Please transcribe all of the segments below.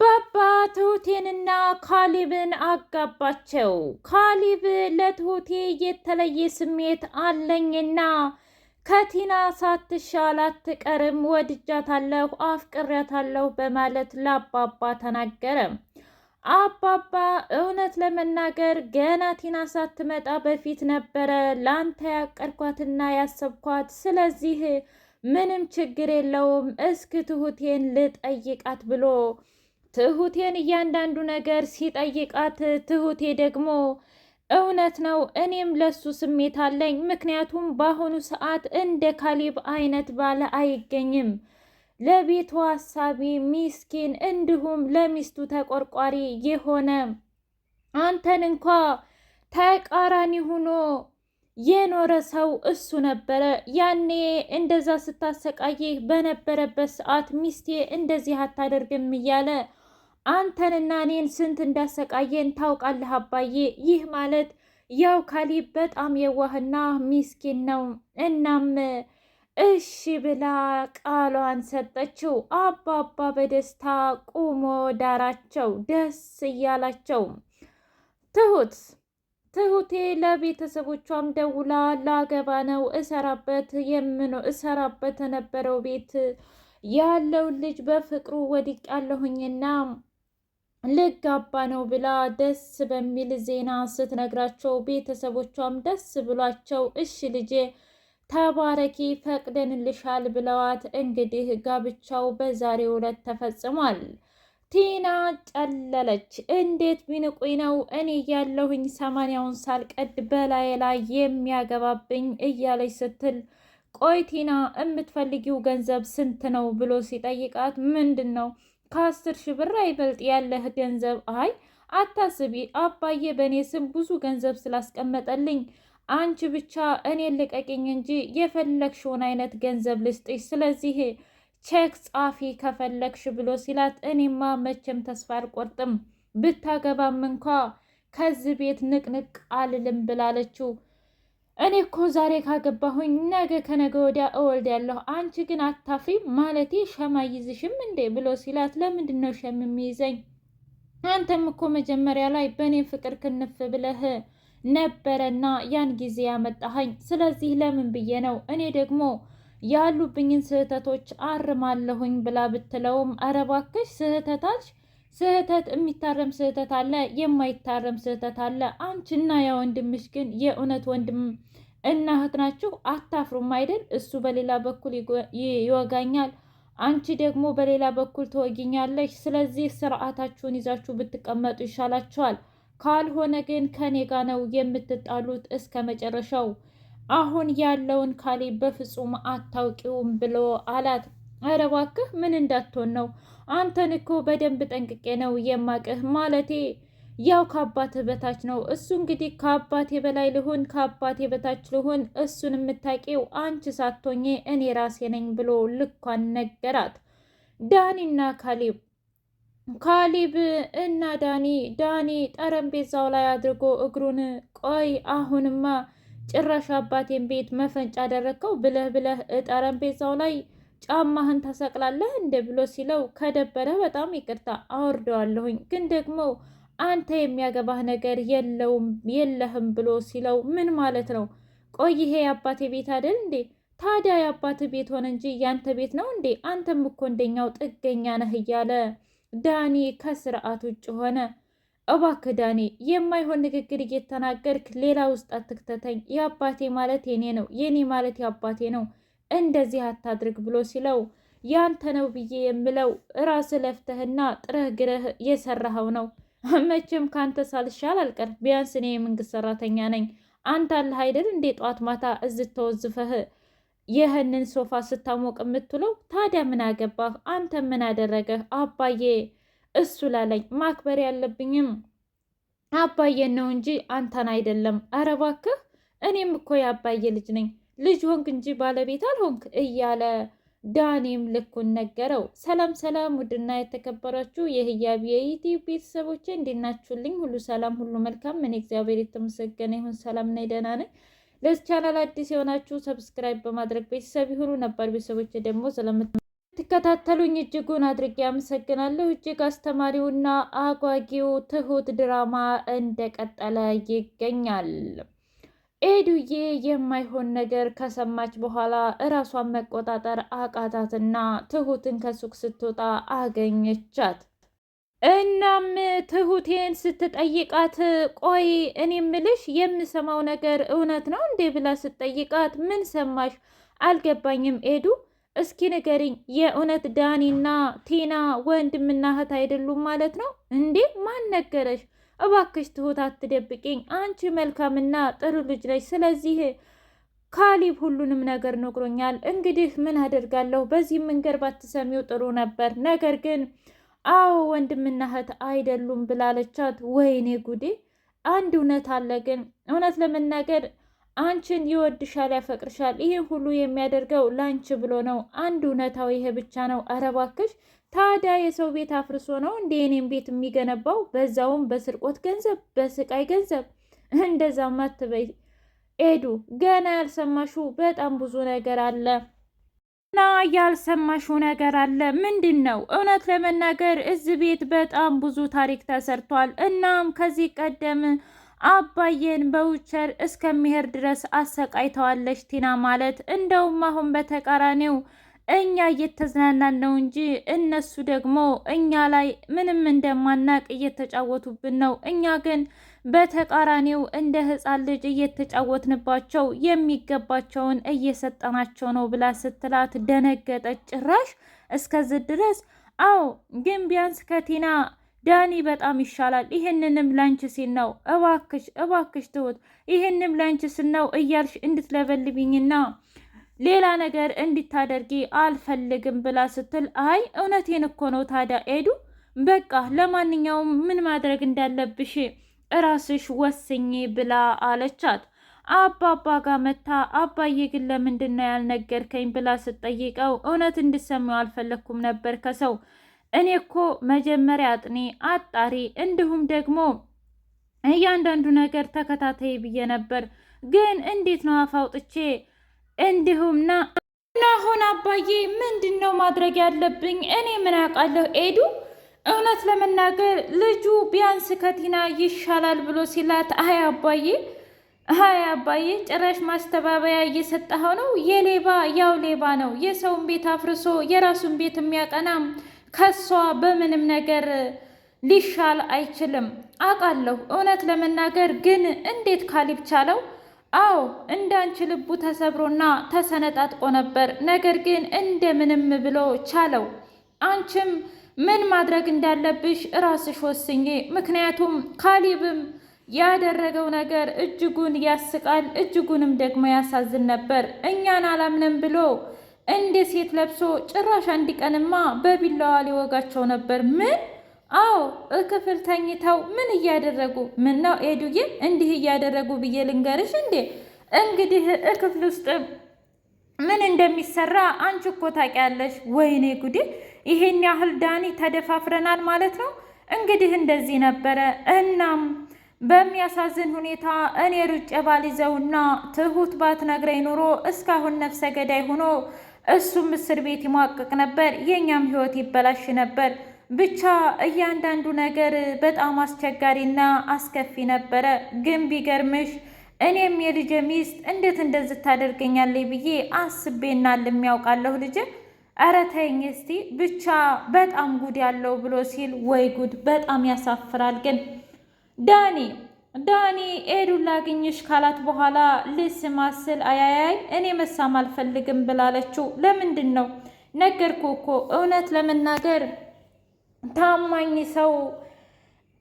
ባባ ትሁቴንና ካሊብን አጋባቸው። ካሊብ ለትሁቴ የተለየ ስሜት አለኝና ከቲና ሳትሻል አትቀርም፣ ወድጃታለሁ፣ አፍቅሬያታለሁ በማለት ለአባባ ተናገረ። አባባ እውነት ለመናገር ገና ቲና ሳትመጣ በፊት ነበረ ላንተ ያቀድኳትና ያሰብኳት። ስለዚህ ምንም ችግር የለውም፣ እስክ ትሁቴን ልጠይቃት ብሎ ትሁቴን እያንዳንዱ ነገር ሲጠይቃት ትሁቴ ደግሞ እውነት ነው እኔም ለሱ ስሜት አለኝ፣ ምክንያቱም በአሁኑ ሰዓት እንደ ካሌብ አይነት ባለ አይገኝም። ለቤቱ ሀሳቢ ሚስኪን፣ እንዲሁም ለሚስቱ ተቆርቋሪ የሆነ አንተን እንኳ ተቃራኒ ሆኖ የኖረ ሰው እሱ ነበረ። ያኔ እንደዛ ስታሰቃይህ በነበረበት ሰዓት ሚስቴ እንደዚህ አታደርግም እያለ አንተንና እኔን ስንት እንዳሰቃየን ታውቃለህ አባዬ። ይህ ማለት ያው ካሊብ በጣም የዋህና ሚስኪን ነው። እናም እሺ ብላ ቃሏን ሰጠችው። አባባ በደስታ ቁሞ ዳራቸው፣ ደስ እያላቸው ትሁት ትሁቴ ለቤተሰቦቿም ደውላ ላገባ ነው እሰራበት የምኖ እሰራበት የነበረው ቤት ያለውን ልጅ በፍቅሩ ወድቅ ያለሁኝና ልጋባ ነው ብላ ደስ በሚል ዜና ስትነግራቸው ቤተሰቦቿም ደስ ብሏቸው እሺ ልጄ ተባረኪ ፈቅደንልሻል ብለዋት እንግዲህ ጋብቻው በዛሬው ዕለት ተፈጽሟል። ቲና ጨለለች። እንዴት ቢንቁኝ ነው እኔ ያለሁኝ ሰማንያውን ሳልቀድ በላዬ ላይ የሚያገባብኝ እያለች ስትል ቆይ ቲና የምትፈልጊው ገንዘብ ስንት ነው ብሎ ሲጠይቃት ምንድን ነው ከአስር ሺህ ብር አይበልጥ ያለህ ገንዘብ። አይ አታስቢ አባዬ በእኔ ስም ብዙ ገንዘብ ስላስቀመጠልኝ አንቺ ብቻ እኔን ልቀቂኝ እንጂ የፈለግሽውን አይነት ገንዘብ ልስጥሽ። ስለዚህ ቼክ ጻፊ ከፈለግሽ ብሎ ሲላት፣ እኔማ መቼም ተስፋ አልቆርጥም ብታገባም እንኳ ከዚህ ቤት ንቅንቅ አልልም ብላለችው። እኔ እኮ ዛሬ ካገባሁኝ ነገ ከነገ ወዲያ እወልዳለሁ፣ አንቺ ግን አታፍሪ ማለቴ ሸማ ይዝሽም እንዴ ብሎ ሲላት፣ ለምንድን ነው ሸም የሚይዘኝ? አንተም እኮ መጀመሪያ ላይ በእኔ ፍቅር ክንፍ ብለህ ነበረና ያን ጊዜ ያመጣኸኝ። ስለዚህ ለምን ብዬ ነው እኔ ደግሞ ያሉብኝን ስህተቶች አርማለሁኝ ብላ ብትለውም፣ አረ ስህተታች ስህተት የሚታረም ስህተት አለ፣ የማይታረም ስህተት አለ። አንቺና ያ ወንድምሽ ግን የእውነት ወንድም እና እህት ናችሁ። አታፍሩም አይደል? እሱ በሌላ በኩል ይወጋኛል፣ አንቺ ደግሞ በሌላ በኩል ትወጊኛለሽ። ስለዚህ ስርዓታችሁን ይዛችሁ ብትቀመጡ ይሻላችኋል። ካልሆነ ግን ከኔ ጋ ነው የምትጣሉት እስከ መጨረሻው። አሁን ያለውን ካሌ በፍጹም አታውቂውም ብሎ አላት። ኧረ እባክህ ምን እንዳትሆን ነው አንተን እኮ በደንብ ጠንቅቄ ነው የማቅህ ማለቴ ያው ከአባቴ በታች ነው። እሱ እንግዲህ ከአባቴ በላይ ልሆን ከአባቴ በታች ልሁን እሱን የምታውቂው አንቺ ሳቶኜ እኔ ራሴ ነኝ ብሎ ልኳን ነገራት። ዳኒና ካሌብ ካሌብ እና ዳኒ ዳኒ ጠረጴዛው ላይ አድርጎ እግሩን ቆይ አሁንማ ጭራሽ አባቴን ቤት መፈንጫ አደረግከው ብለህ ብለህ ጠረጴዛው ላይ ጫማህን ታሰቅላለህ እንደ ብሎ ሲለው ከደበረ በጣም ይቅርታ አወርደዋለሁኝ፣ ግን ደግሞ አንተ የሚያገባህ ነገር የለውም የለህም ብሎ ሲለው ምን ማለት ነው? ቆይ ይሄ የአባቴ ቤት አይደል እንዴ? ታዲያ የአባት ቤት ሆነ እንጂ ያንተ ቤት ነው እንዴ? አንተም እኮ እንደኛው ጥገኛ ነህ እያለ ዳኒ ከስርዓት ውጭ ሆነ። እባክህ ዳኒ የማይሆን ንግግር እየተናገርክ ሌላ ውስጥ አትክተተኝ። የአባቴ ማለት የኔ ነው፣ የኔ ማለት የአባቴ ነው። እንደዚህ አታድርግ ብሎ ሲለው ያንተ ነው ብዬ የምለው ራስ ለፍተህና ጥረህ ግረህ የሰራኸው ነው። መቼም ካንተ ሳልሻል አልቀር። ቢያንስ እኔ የመንግስት ሰራተኛ ነኝ። አንተ አለህ አይደል እንዴ ጠዋት ማታ እዝት ተወዝፈህ ይህንን ሶፋ ስታሞቅ የምትውለው? ታዲያ ምን አገባህ አንተ? ምን አደረገህ አባዬ? እሱ ላለኝ ማክበር ያለብኝም አባዬን ነው እንጂ አንተን አይደለም። አረ እባክህ እኔም እኮ የአባዬ ልጅ ነኝ። ልጅ ሆንክ እንጂ ባለቤት አልሆንክ እያለ ዳኒም ልኩን ነገረው። ሰላም ሰላም! ውድና የተከበራችሁ የህያብ የዩቲዩብ ቤተሰቦቼ እንዴናችሁልኝ? ሁሉ ሰላም፣ ሁሉ መልካም። እኔ እግዚአብሔር የተመሰገነ ይሁን ሰላም ነኝ፣ ደህና ነኝ። ለዚህ ቻናል አዲስ የሆናችሁ ሰብስክራይብ በማድረግ ቤተሰብ ይሁኑ። ነባር ቤተሰቦቼ ደግሞ ስለምትከታተሉኝ እጅጉን አድርጌ አመሰግናለሁ። እጅግ አስተማሪውና አጓጊው ትሁት ድራማ እንደቀጠለ ይገኛል። ኤዱዬ የማይሆን ነገር ከሰማች በኋላ እራሷን መቆጣጠር አቃታትና ትሁትን ከሱቅ ስትወጣ አገኘቻት። እናም ትሁቴን ስትጠይቃት ቆይ እኔ ምልሽ የምሰማው ነገር እውነት ነው እንዴ ብላ ስትጠይቃት ምን ሰማሽ? አልገባኝም ኤዱ እስኪ ንገሪኝ። የእውነት ዳኒና ቲና ወንድምና እህት አይደሉም ማለት ነው እንዴ? ማን ነገረሽ? እባክሽ ትሁት አትደብቂኝ፣ አንቺ መልካምና ጥሩ ልጅ ነች ስለዚህ ካሊብ ሁሉንም ነገር ነግሮኛል። እንግዲህ ምን አደርጋለሁ? በዚህ መንገድ ባትሰሚው ጥሩ ነበር። ነገር ግን አዎ ወንድምና እህት አይደሉም ብላለቻት። ወይኔ ጉዴ! አንድ እውነት አለ ግን እውነት ለመናገር አንቺን ይወድሻል፣ ያፈቅርሻል። ይህን ሁሉ የሚያደርገው ላንቺ ብሎ ነው። አንድ እውነታው ይሄ ብቻ ነው። አረ እባክሽ ታዲያ የሰው ቤት አፍርሶ ነው እንደ እኔም ቤት የሚገነባው? በዛውም በስርቆት ገንዘብ፣ በስቃይ ገንዘብ። እንደዛ ማትበይ ኤዱ፣ ገና ያልሰማሹ በጣም ብዙ ነገር አለ እና ያልሰማሽው ነገር አለ። ምንድን ነው? እውነት ለመናገር እዚህ ቤት በጣም ብዙ ታሪክ ተሰርቷል። እናም ከዚህ ቀደም አባዬን በውቸር እስከሚሄድ ድረስ አሰቃይተዋለች ቲና ማለት እንደውም አሁን በተቃራኒው እኛ እየተዝናናን ነው እንጂ እነሱ ደግሞ እኛ ላይ ምንም እንደማናቅ እየተጫወቱብን ነው። እኛ ግን በተቃራኒው እንደ ሕፃን ልጅ እየተጫወትንባቸው የሚገባቸውን እየሰጠናቸው ነው ብላ ስትላት ደነገጠች። ጭራሽ እስከዚህ ድረስ አዎ፣ ግን ቢያንስ ከቲና ዳኒ በጣም ይሻላል። ይህንንም ላንቺ ሲል ነው እባክሽ፣ እባክሽ ትሁት፣ ይህንም ላንቺ ስል ነው እያልሽ እንድትለበልብኝና ሌላ ነገር እንዲታደርጊ አልፈልግም ብላ ስትል አይ እውነቴን እኮ ነው ታዲያ ኤዱ በቃ ለማንኛውም ምን ማድረግ እንዳለብሽ እራስሽ ወስኝ ብላ አለቻት። አባባ ጋር መታ አባዬ ግን ለምንድን ነው ያልነገርከኝ ብላ ስትጠይቀው እውነት እንድሰሚው አልፈለግኩም ነበር ከሰው እኔ እኮ መጀመሪያ አጥኔ አጣሪ እንዲሁም ደግሞ እያንዳንዱ ነገር ተከታታይ ብዬ ነበር ግን እንዴት ነው አፋውጥቼ እንዲሁምና እና አሁን አባዬ ምንድን ነው ማድረግ ያለብኝ? እኔ ምን አውቃለሁ ኤዱ እውነት ለመናገር ልጁ ቢያንስ ከቲና ይሻላል ብሎ ሲላት፣ አይ አባዬ አይ አባዬ ጭራሽ ማስተባበያ እየሰጠኸው ነው። የሌባ ያው ሌባ ነው። የሰውን ቤት አፍርሶ የራሱን ቤት የሚያቀናም ከሷ በምንም ነገር ሊሻል አይችልም። አውቃለሁ እውነት ለመናገር ግን እንዴት ካሊብ ቻለው አዎ እንዳንቺ ልቡ ተሰብሮና ተሰነጣጥቆ ነበር። ነገር ግን እንደምንም ብሎ ቻለው። አንቺም ምን ማድረግ እንዳለብሽ ራስሽ ወስኝ ምክንያቱም ካሊብም ያደረገው ነገር እጅጉን ያስቃል፣ እጅጉንም ደግሞ ያሳዝን ነበር። እኛን አላምንም ብሎ እንደ ሴት ለብሶ ጭራሽ አንድ ቀንማ በቢላዋ ሊወጋቸው ነበር ምን አዎ ክፍል ተኝተው ምን እያደረጉ ምን ነው ኤዱዬ፣ እንዲህ እያደረጉ ብዬ ልንገርሽ እንዴ? እንግዲህ እክፍል ውስጥ ምን እንደሚሰራ አንቺ እኮ ታውቂያለሽ። ወይኔ ጉዴ! ይሄን ያህል ዳኒ ተደፋፍረናል ማለት ነው። እንግዲህ እንደዚህ ነበረ። እናም በሚያሳዝን ሁኔታ እኔ ሩጬ ባልይዘውና ትሁት ባትነግረኝ ኑሮ እስካሁን ነፍሰ ገዳይ ሆኖ እሱም እስር ቤት ይሟቅቅ ነበር፣ የእኛም ህይወት ይበላሽ ነበር። ብቻ እያንዳንዱ ነገር በጣም አስቸጋሪና አስከፊ ነበረ። ግን ቢገርምሽ እኔም የልጄ ሚስት እንዴት እንደዚህ ታደርገኛለች ብዬ አስቤና ልሚያውቃለሁ ልጅ ኧረ ተይኝ እስቲ ብቻ በጣም ጉድ ያለው ብሎ ሲል ወይ ጉድ በጣም ያሳፍራል። ግን ዳኒ ዳኒ ኤዱን ላግኝሽ ካላት በኋላ ልስማት ስል አያያይ እኔ መሳም አልፈልግም ብላለችው። ለምንድን ነው ነገርኩ እኮ እውነት ለመናገር ታማኝ ሰው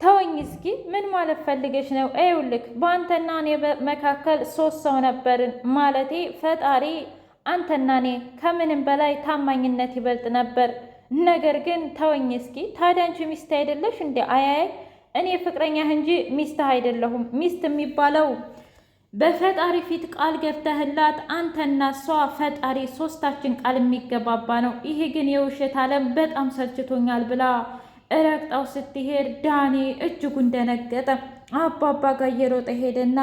ተወኝ እስኪ ምን ማለት ፈልገሽ ነው? ይኸውልህ በአንተና እኔ መካከል ሶስት ሰው ነበርን። ማለቴ ፈጣሪ አንተና እኔ ከምንም በላይ ታማኝነት ይበልጥ ነበር። ነገር ግን ተወኝ እስኪ። ታዲያ አንቺ ሚስት አይደለሽ እንዴ? አያያይ እኔ ፍቅረኛህ እንጂ ሚስትህ አይደለሁም። ሚስት የሚባለው በፈጣሪ ፊት ቃል ገብተህላት አንተና እሷ ፈጣሪ ሶስታችን ቃል የሚገባባ ነው፣ ይሄ ግን የውሸት ዓለም በጣም ሰልችቶኛል ብላ እረግጣው ስትሄድ ዳኔ እጅጉን ደነገጠ። አባባ ጋር እየሮጠ ሄደና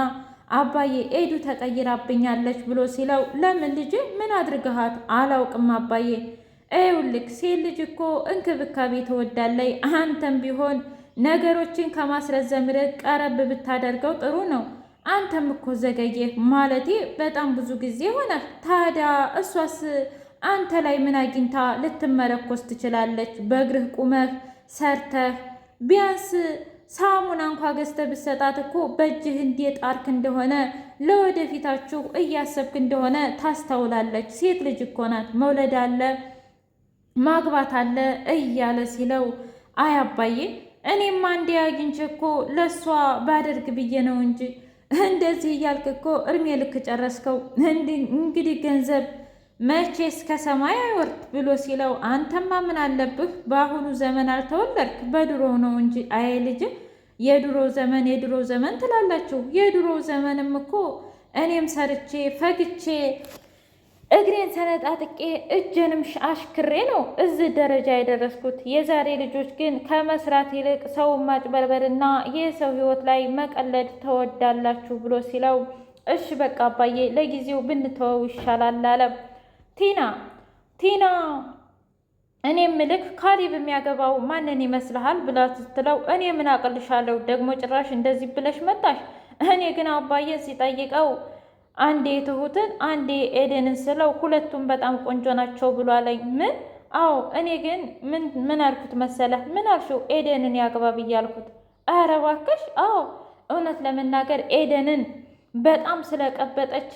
አባዬ ኤዱ ተቀይራብኛለች ብሎ ሲለው ለምን ልጅ ምን አድርገሃት? አላውቅም አባዬ። ይኸውልህ ሴት ልጅ እኮ እንክብካቤ ትወዳለች። አንተም ቢሆን ነገሮችን ከማስረዘም ርቅ ቀረብ ብታደርገው ጥሩ ነው። አንተም እኮ ዘገየ ማለቴ በጣም ብዙ ጊዜ ሆነ። ታዲያ እሷስ አንተ ላይ ምን አግኝታ ልትመረኮስ ትችላለች? በእግርህ ቁመህ ሰርተህ ቢያንስ ሳሙና እንኳ ገዝተህ ብትሰጣት እኮ በእጅህ እንዴት ጣርክ እንደሆነ ለወደፊታችሁ እያሰብክ እንደሆነ ታስተውላለች። ሴት ልጅ እኮ ናት፣ መውለድ አለ ማግባት አለ እያለ ሲለው አይ እኔም አንዴ አግኝቼ እኮ ለእሷ ባደርግ ብዬ ነው እንጂ እንደዚህ እያልክ እኮ እድሜ ልክ ጨረስከው። እንግዲህ ገንዘብ መቼ ከሰማይ ሰማይ አይወርድ ብሎ ሲለው አንተማ ምን አለብህ? በአሁኑ ዘመን አልተወለድክ በድሮ ነው እንጂ አይ ልጅ የድሮ ዘመን የድሮ ዘመን ትላላችሁ። የድሮ ዘመንም እኮ እኔም ሰርቼ ፈግቼ እግሬን ሰነጣጥቄ እጄንም አሽክሬ ነው እዚህ ደረጃ የደረስኩት። የዛሬ ልጆች ግን ከመስራት ይልቅ ሰው ማጭበርበርና የሰው ሕይወት ላይ መቀለድ ተወዳላችሁ ብሎ ሲለው እሽ በቃ አባዬ ለጊዜው ብንተወው ይሻላል አለ ቲና። ቲና እኔ ምልክ ካሊብ የሚያገባው ማንን ይመስልሃል ብላ ስትለው እኔ ምን አቅልሻለሁ ደግሞ ጭራሽ እንደዚህ ብለሽ መጣሽ። እኔ ግን አባዬን ሲጠይቀው አንዴ ትሁትን አንዴ ኤደንን ስለው ሁለቱም በጣም ቆንጆ ናቸው ብሏለኝ። ምን? አዎ እኔ ግን ምን አልኩት መሰለህ? ምን አልሽው? ኤደንን ያግባብ እያልኩት። ኧረ እባክሽ! አዎ እውነት ለመናገር ኤደንን በጣም ስለቀበጠች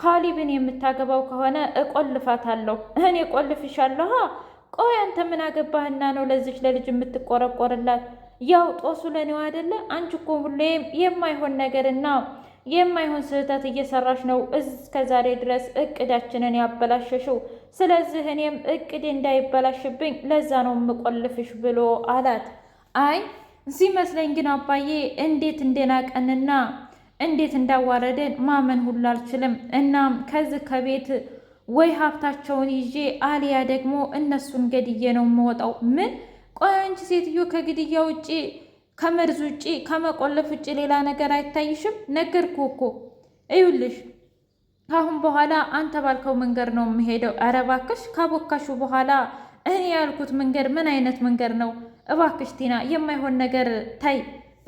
ካሊብን የምታገባው ከሆነ እቆልፋታለሁ። እኔ እቆልፍሻለሁ። ቆይ አንተ ምን አገባህና ነው ለዚች ለልጅ የምትቆረቆርላት? ያው ጦሱ ለኔው አይደለ? አንቺ እኮ ሁሌም የማይሆን ነገርና የማይሆን ስህተት እየሰራሽ ነው እስከ ዛሬ ድረስ እቅዳችንን ያበላሸሽው። ስለዚህ እኔም እቅድ እንዳይበላሽብኝ ለዛ ነው የምቆልፍሽ ብሎ አላት። አይ ሲመስለኝ ግን አባዬ እንዴት እንደናቀንና እንዴት እንዳዋረደን ማመን ሁሉ አልችልም። እናም ከዚህ ከቤት ወይ ሀብታቸውን ይዤ አሊያ ደግሞ እነሱን ገድዬ ነው የምወጣው። ምን ቆይ አንቺ ሴትዮ ከግድያ ውጪ ከመርዝ ውጪ ከመቆለፍ ውጪ ሌላ ነገር አይታይሽም? ነገርኩ እኮ። እዩልሽ ከአሁን በኋላ አንተ ባልከው መንገድ ነው የምሄደው። ኧረ እባክሽ ካቦካሹ በኋላ እኔ ያልኩት መንገድ ምን አይነት መንገድ ነው? እባክሽ ቲና የማይሆን ነገር ታይ፣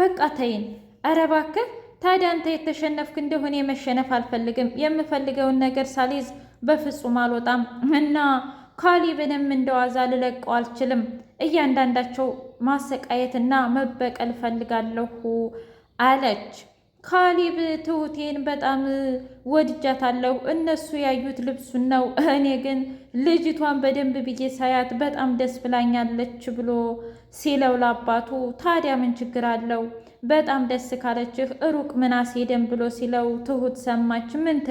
በቃ ተይን። ኧረ እባክህ ታዲያ አንተ የተሸነፍክ እንደሆነ መሸነፍ አልፈልግም። የምፈልገውን ነገር ሳልይዝ በፍጹም አልወጣም እና ካሊብንም እንደዋዛ ልለቀው አልችልም። እያንዳንዳቸው ማሰቃየትና መበቀል ፈልጋለሁ አለች። ካሊብ ትሁቴን በጣም ወድጃታለሁ። እነሱ ያዩት ልብሱን ነው። እኔ ግን ልጅቷን በደንብ ብዬ ሳያት በጣም ደስ ብላኛለች ብሎ ሲለው ለአባቱ ታዲያ ምን ችግር አለው? በጣም ደስ ካለችህ ሩቅ ምናሴ ደን ብሎ ሲለው ትሁት ሰማች ምን